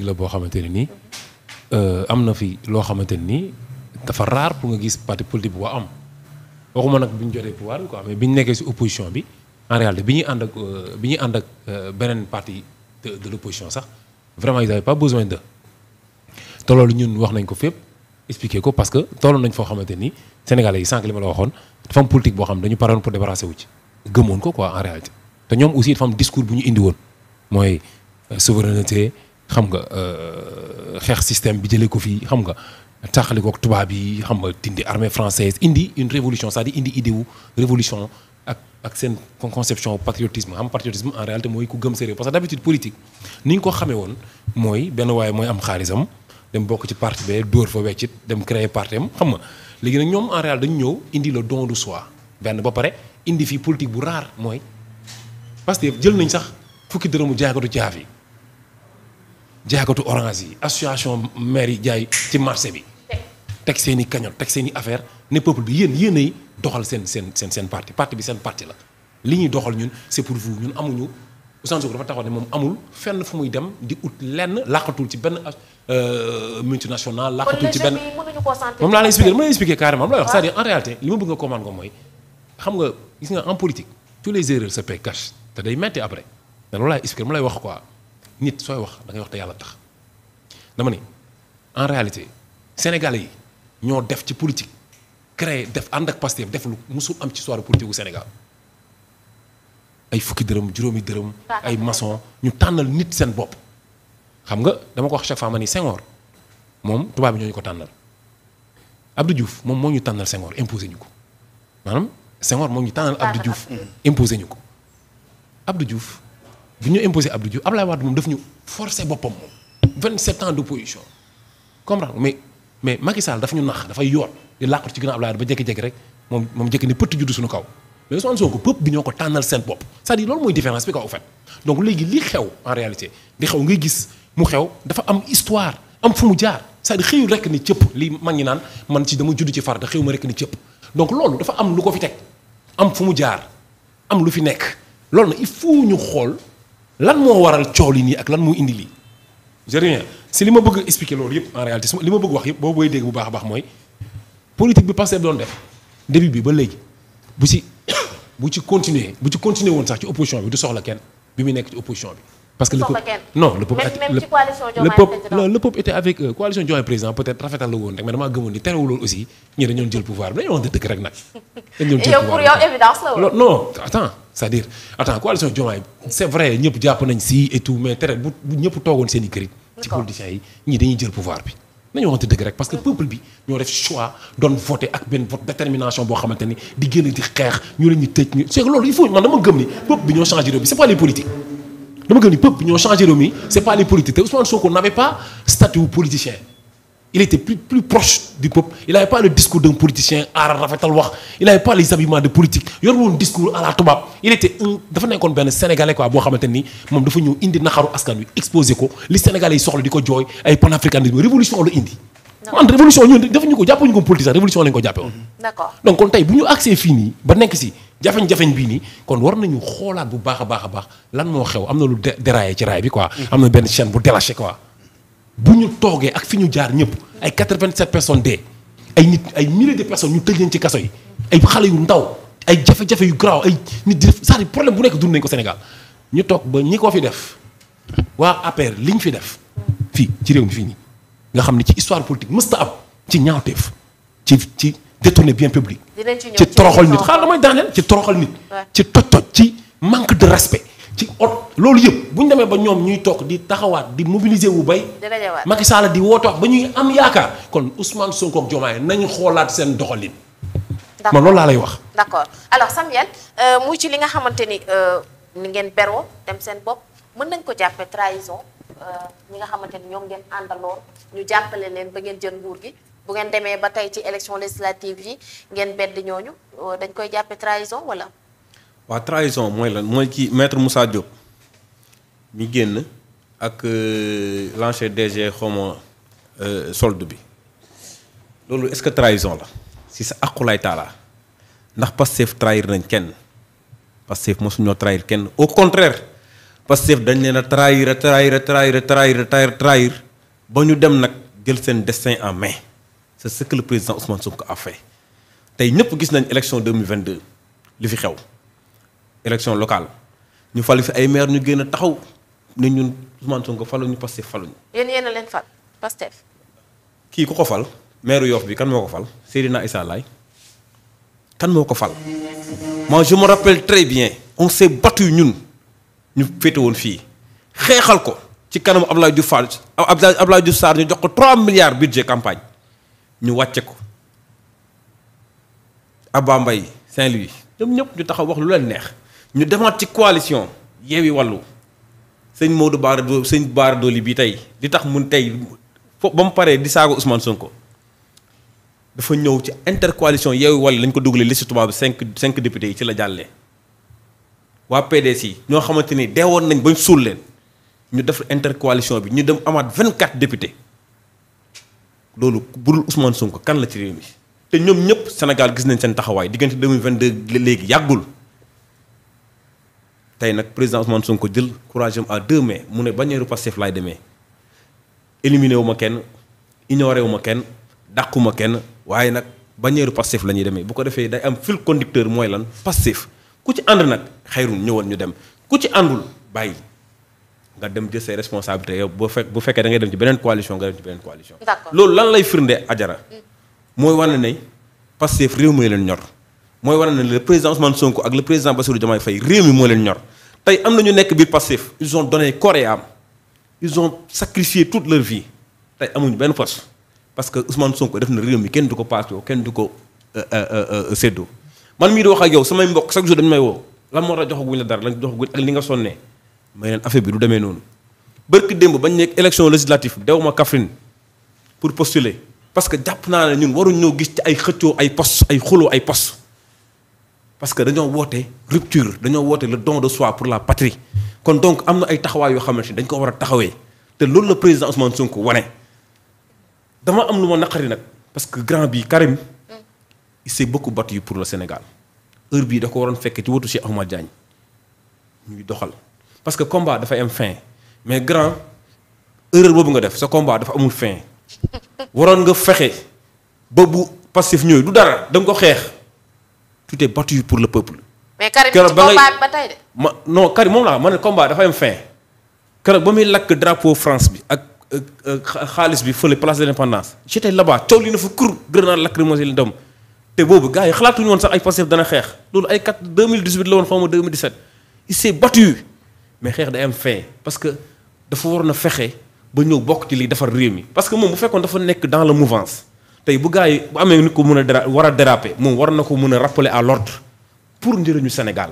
politique la boo xamante nii euh, am na fi loo xamante ne nii dafa rare pour nga gis parti politique bu ko am waxuma nag bi ñu jotee pouvoir bi quoi mais bi ñu nekkee si opposition bi en réalité bi ñuy ànd ak euh, bi ñuy ànd ak euh, beneen parti de de l' opposition sax vraiment ils n'avaient pas besoin de te loolu ñun wax nañ ko fépp expliqué ko parce que toll nañ foo xamante ni Sénégalais yi sànq li ma la waxoon dafa am politique boo xam dañu paroon pour débarrasser wu ci gëmoon ko quoi en indi woon xam nga euh, xeex système bi jëlee ko fii xam nga taxali ko tubaab yi xam nga dindi armée française indi une révolution cest à indi idée wu révolution ak ak seen conception patriotisme xam patriotisme en réalité mooy ku gëm sa réew parce que d'habitude politique ni ñu ko xamee woon mooy benn waaye mooy am xaalisam dem bokk ci parti bee dóor fa weccit dem créer parti am xam nga léegi nag ñoom en réalité dañu ñëw indi la don de soi benn ba pare indi fii politique bu raar mooy parce que jël nañ sax fukki dërëmu jaagatu caaf yi jaaykatu orange yi association maire yi jaay ci marché bi teg seeni i teg seen i affaire ne peuple bi yéen yéen doxal seen seen seen seen parti parti bi seen parti la li ñuy doxal ñun c'est pour vous ñun amuñu Ousmane Sonko dafa taxaw ne moom amul fenn fu muy dem di ut lenn làqatul ci benn euh, multinational làqatul ci benn moom laa lay expliqué ma lay expliqué carrément lay wax cest à li ma bëgg nga comprendre ko mooy xam nga gis nga en politique tous les erreurs se paient day metti après te loolu laay expliqué mu lay wax quoi nit sooy wax da ngay wax te yàlla tax dama ne en réalité sénégal yi ñoo def ci politique créé def ànd ak Pastef def lu musul am ci histoire politique gu Sénégal ay fukki dërëm juróomi dërëm. ay mason ñu tànnal nit seen bopp. xam nga dama ko wax chaque fois ma ni Senghor moom tubaab yi ñoo ñu ko tànnal abdu Diouf moom moo ñu tànnal Senghor imposé ñu ko maanaam Senghor moo ñu tànnal Abdou Diouf imposé ñu ko Abdou Diouf. bi ñu imposé Abdou Diouf Abdoulaye Wade moom daf ñu forcé boppam moom 27 ans d'opposition comprendre mais mais Macky Sall daf ñu nax dafay yoon di làqatu ci ginnaaw Abdoulaye Wade ba jékki-jékki rek moom moom jëkk ne pëtt juddu suñu kaw mais Ousmane ko peuple bi ñoo ko tànnal seen bopp c'est-à-dire loolu mooy différence bi ko au donc léegi li xew en réalité li xew ngay gis mu xew dafa am histoire am fu mu jaar c'est-à-dire xëyul rek ni cëpp li mag ñi naan man ci dama judd ci far da xëw ma rek ni cëpp donc loolu dafa am lu ko fi teg am fu mu jaar am lu fi nekk loolu nag il faut ñu xool lan moo waral coow li nii ak lan moo indi lii je reviens si li ma bëgg expliquer loolu yëpp en réalité li ma bëgg wax yëpp boo booy dégg bu baax a baax mooy politique bi Pastef doon def début bi ba léegi bu si bu ci continuer bu ci continuer woon sax ci opposition bi du soxla kenn bi mu nekk ci opposition bi. parce que le peuple non le peuple même ci coalition Diomaye président non le était avec euh, coalition Diomaye président peut-être rafetal la woon rek mais damaa gëmoon ni terewul woon aussi ñii dañu doon jël pouvoir bi c'est-à-dire attends coalition Diomaye c'est vrai ñëpp jàpp nañ si et mais tere bu ñëpp toogoon seen i kërit ci politiciens yi ñii dañuy jël pouvoir bi nañu waxante dëgg rek parce que peuple bi ñoo def choix doon voté ak benn vote détermination boo xamante ni di génn di xeex ñu leen ñu tëj ñu c'est que loolu il faut man dama gëm ni peuple bi ñoo changé réew c'est pas les politiques dama gëm ni peuple bi ñoo changé réew c'est pas les politiques te Ousmane il était plus plus proche du peuple il avait pas le discours d'un politicien aara rafetal wax il avait pas les habillements de politique yor woon discours à la tubaab il était un dafa nekkoon benn sénégalais quoi boo xamante ni moom dafa ñëw indi naxaru askan wi exposé ko li sénégalais yi soxla di ko jooy ay panafricanisme révolution la indi. man révolution ñun dafa ñu ko jàppuñu ko politique sax révolution lañu ko jàppe woon. d'accord donc kon tey bu ñu accès fii nii ba nekk xoolaat bu baax a baax baax lan moo xew am na lu déraillé ci raay bi quoi. Mm-hmm. am na benn chaîne bu ñu toogee ak fi ñu jaar ñëpp ay 87 personnes dee ay nit ay milliers de personnes ñu tëj leen ci kaso yi ay xale yu ndaw ay jafe-jafe yu garaaw ay nit di def cest à problème bu nekk dund nañ ko Sénégal ñu toog ba ñi ko fi def waa APR li fi def fii ci réew mi fii nii nga xam ne ci histoire politique mësta am ci ñaawteef ci ci détourner bien public. ci toroxal nit xaaral damay daaneel ci toroxal nit. ci toj-toj ci manque de respect. ci ot loolu yëpp bu ñu demee ba ñoom ñuy toog di taxawaat di mobiliser wu bay. Macky Sall di woote wax ba ñuy am yaakaar kon Ousmane Sonko ak Diomaye nañu xoolaat seen doxalin. man loolu laa lay wax. d'accord alors Samuel euh, muy ci li nga xamante ni euh, ni ngeen beroo dem seen bopp mën nañ ko jàppee trahison euh, ñi nga xamante ni ñoom ngeen àndaloon ñu jàppale leen ba ngeen jël nguur gi bu ngeen demee ba tey ci élection législative yi ngeen bedd ñooñu dañ koy jàppee trahison wala. waa traison mooy lan mooy kii maître Moussa Diop mi génn ak euh, l'ancien DG xawma euh, sold bi loolu est-ce que traison la si sa aqulaay taalaa ndax Pastef trahir nañ kenn Pastef mosuñoo trahir kenn au contraire Pastef dañ leen a trahir a trahir a trahir trahir trahir ba ñu dem nag jël seen destin en main c'est ce que le président Ousmane Sonko a fait tey ñëpp gis nañ élection 2022 li fi xew élection locale ñu fal fi ay maire ñu génn a taxaw ne ñun Ousmane Sonko faluñu Pastef faluñu. yéen yéen a leen fal Pastef. kii ku ko fal maire Yoff bi kan moo ko fal Seydina Issa Laye kan moo ko fal. moi je me très bien on s'est battu ñun ñu féete woon fii xeexal ko ci kanam Abdoulaye Diouf Fall Abdoulaye Diouf Sarr ñu jox ko 3 milliards budget campagne ñu wàcce ko. Abba Mbaye Saint-Louis ñoom ñëpp ñu taxaw wax lu leen neex. ñu demaat ci coalition yeewi Wallu sëñ Modou baar Dolly sëñ Bara Dolly bi tey li tax mun tey fo ba mu paree di saaga Ousmane Sonko dafa ñëw ci intercoalition Yewwi Wallu lañ ko dugalee liste tubaab bi cinq cinq députés yi ci la jàllee waa PDS yi ñoo xamante ni deewoon nañ bañ suul leen ñu def intercoalition bi ñu dem amaat vingt quatre députés loolu budul Ousmane Sonko kan la ci réew mi te ñoom ñëpp Sénégal gis nañ seen taxawaay diggante dem mille vingt léegi yàggul. tey nag président Ousmane Sonko jël courage am à mu ne bañeeru Pastef laay demee éliminé wu ma kenn ignoré wu ma kenn dàqu ma kenn waaye nag bañeeru Pastef la ñuy demee bu ko defee day am fil conducteur mooy lan pastif ku ci ànd nag xayrun ñëwal ñu dem ku ci àndul bàyyi nga dem jël say responsabilités yow boo fekk bu fekkee da ngay dem ci beneen coalition nga dem ci beneen coalition. loolu lan lay firnde ajara mm. mooy wane ne Pastef réew mi leen ñor. mooy war na ne le président Ousmane Sonko ak le président Bassirou Diomaye Faye réew mi moo leen ñor tey am na ñu nekk biir Pastef ils ont donné corps et âme ils ont sacrifié toute leur vie tey amuñu benn post parce que Ousmane Sonko def na réew mi kenn du ko paasoo kenn du ko euh, euh, euh, seddoo man mii di wax ak yow samay mbokk chaque jour dañu may woo lan moo tax joxaguñ la dara lan joxaguñ ak li nga sonnee may leen affaire bi du demee noonu bërki démb bañ nekk élection législative dew ma Kaffrine pour postuler parce que jàpp naa ne ñun waruñ ñoo gis ay xëccoo ay poste ay xuloo ay poste parce que dañoo woote rupture dañoo woote le don de soi pour la patrie kon donc am na ay taxawaay yoo xamante ni dañ ko war a taxawee te loolu la président Ousmane Sonko wane dama am lu ma naqari nag parce que grand bi Karim il s'est beaucoup battu pour le Sénégal heure bii da ko waroon fekk ci wotu Cheikh Ahmad Diagne ñuy doxal parce que combat dafay am fin mais grand erreur boobu nga def sa combat dafa amul fin waroon nga fexe ba bu passif ñooy du dara da ko xeex. tu t'es battu pour le peuple. mais Karim ci combat ba tey de. ma non Karim moom laa ma ne combat dafa am fin. keroog ba muy lakk drapeau France bi ak xaalis bi fële place de l'indépendance j'étais là-bas li na fa kur grenade lacrymogène dem te boobu gars yi xalaatuñu woon sax ay Pastef dana xeex loolu ay quatre 2018 la woon xaw ma 2017 il s'est battu mais xeex day am fin parce dafa waroon a fexe ba ñëw bokk ci liy defar réew mi parce que moom bu fekkoon dafa tey bu gars yi bu amee nit ko mën a déra war a déraper moom war na ko mën a rappeler à l'ordre pour njëriñu Sénégal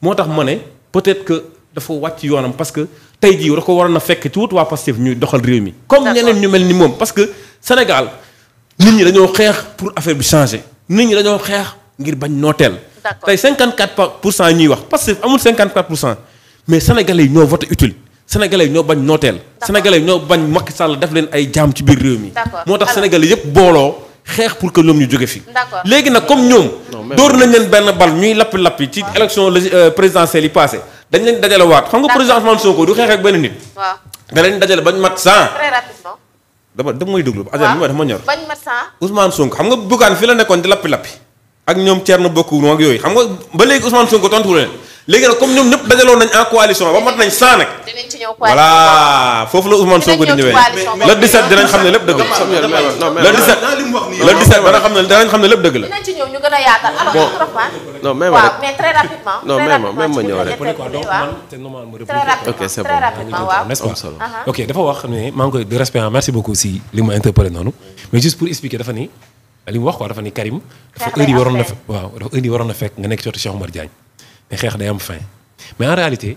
moo tax ma ne peut-être que dafa wàcc yoonam parce que tey jii da ko waroon na fekk ci wut waa Pastef ñuy doxal réew mi. comme ñeneen ñu mel ni moom parce que Sénégal nit ñi dañoo xeex pour affaire bi changer nit ñi dañoo xeex ngir bañ nooteel. tey 54 pour cent ñuy wax Pastef amul 54 pour cent mais sénégalais yi ñoo voté utile. sénégalais yi ñoo bañ nooteel. sénégalais yi ñoo bañ Macky sàll def leen ay jaam ci biir réew mi. moo tax sénégalais yëpp booloo xeex pour que ñoom ñu jóge fi. léegi nag comme ñoom. dóor nañ leen benn bal ñuy lappi lappi ci élection euh, présidentielle yi passé dañ leen dajale waat xam nga président Ousmane Sonko du xeex ak benn nit. waaw da leen dajale mat 100. très dama dama may déglu. waaw waaw dama ñor. bañ mat 100. Ousmane Sonko xam nga Bougane fi la nekkoon di lappi lappi ak ñoom Thierno Bocoum ak yooyu xam nga ba léegi Ousmane Sonko tontu leen léegi nag comme ñoom ñëpp dajaloon nañ en coalition ba mat nañ 100 nag. dinañ ci ñëw coalition voilà la Ousmane Sonko di ne lépp dëgg la. le 17 le 17 dinañ xam ne dinañ xam ne lépp dëgg la. dinañ a yaatal. bon non mais ma rek très rapidement. non mais pas uh-huh. ok dafa wax ne maa koy de respect merci beaucoup si li ma interpellé noonu mais juste pour expliquer dafa ni li mu wax quoi dafa ni Karim. dafa heure yi waroon na waaw dafa heure yi waroon na fekk nga nekk ci wetu Cheikh Omar mais xeex day am fin mais en réalité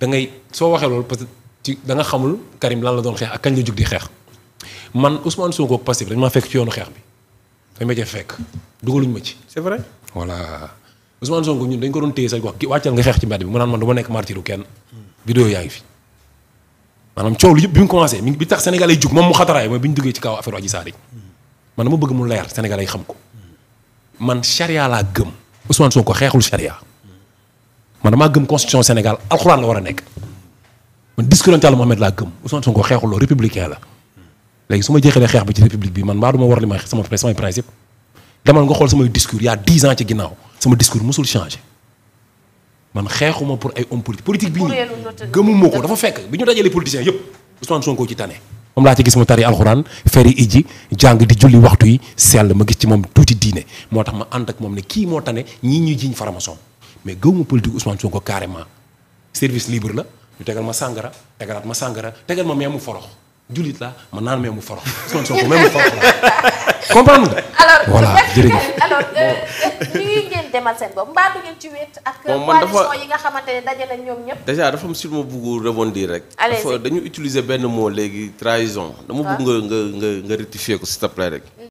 da ngay soo waxee loolu parce que ci da xamul Karim lan la doon xeex ak kañ la jug di xeex man Ousmane Sonko ak Pastef dañ maa fekk ci yoonu xeex bi dañ ma cee fekk dugaluñu ma ci. c'est vrai voilà Ousmane Sonko ñun dañ ko doon téye sax wax ki wàccal nga xeex ci mbedd bi mu naan man du ma nekk martiru kenn. vidéo yaa ngi fi maanaam coow lu yëpp bi mu commencé mi bi tax sénégalais jug moom mu xataraay mooy bi ñu duggee ci kaw affaire Adji bëgg mu leer sénégalais xam ko man charia laa gëm Ousmane Sonko xeexul charia man damaa gëm constitution Sénégal alxuraan la war a nekk man discours Yàlla Muhammad laa gëm Ousmane Sonko xeexuloo républicain la léegi su ma jeexalee xeex bi ci république bi man maa duma war li ma sama samay principe demal nga xool samay discours y a dix ans ci ginnaaw sama discours mosul changé man xeexuma pour ay homme politique politique bii nii gëmuma ko dafa fekk bi ñu dajalee politiciens yëpp Ousmane Sonko ci tane moom laa ci gis mu tari alxuraan feri iji jàng waxtu yi sell ma gis ci moom tuuti diine moo tax ma ànd ak moom ne kii moo tane ñii ñuy jiiñ faramason mais gëw ma politique Ousmane ko carrément service libre la ñu tegal ma sàngara tegalaat ma sàngara tegal ma meemu forox jullit la ma naan mu forox Ousmane Sonko meemu forox la comprendre nga. voilà jërëjëf alors euh, ñu ngi ngeen demal seen bopp mbaa du ngeen ci wet ak coalition yi nga xamante ne daje na ñoom ñëpp déjà dafa am sur ma bëgg rebondir rek dafa dañu utiliser benn moo léegi trahison dama bugg nga nga nga nga ko s'il te plaît rek mm.